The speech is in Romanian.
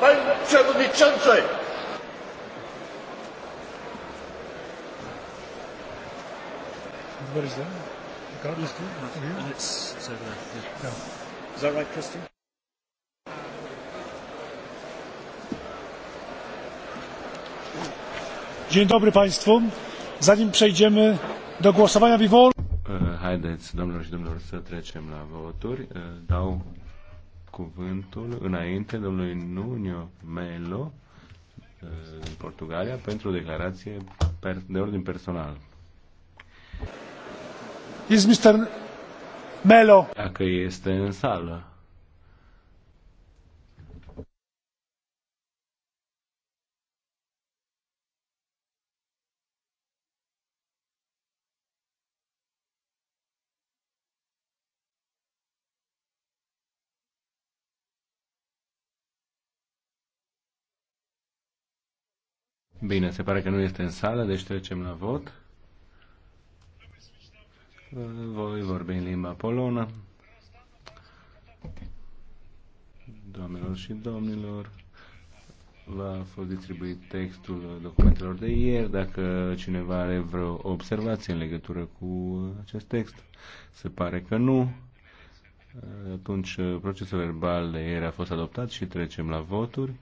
Panie Przewodniczący! What is that? The God is good? Yeah. And it's, it's over there. Yeah. yeah. Is that right, Christian? Dzień dobry Państwu. Zanim przejdziemy do głosowania, Haideți, domnilor și domnilor, să trecem la voturi. Dau cuvântul înainte domnului Nuno Melo eh, din Portugalia pentru o declarație de ordin personal. Is Mr. Melo. Dacă este în sală. Bine, se pare că nu este în sală, deci trecem la vot. Voi vorbi în limba polonă. Doamnelor și domnilor, v-a fost distribuit textul documentelor de ieri. Dacă cineva are vreo observație în legătură cu acest text, se pare că nu. Atunci procesul verbal de ieri a fost adoptat și trecem la voturi.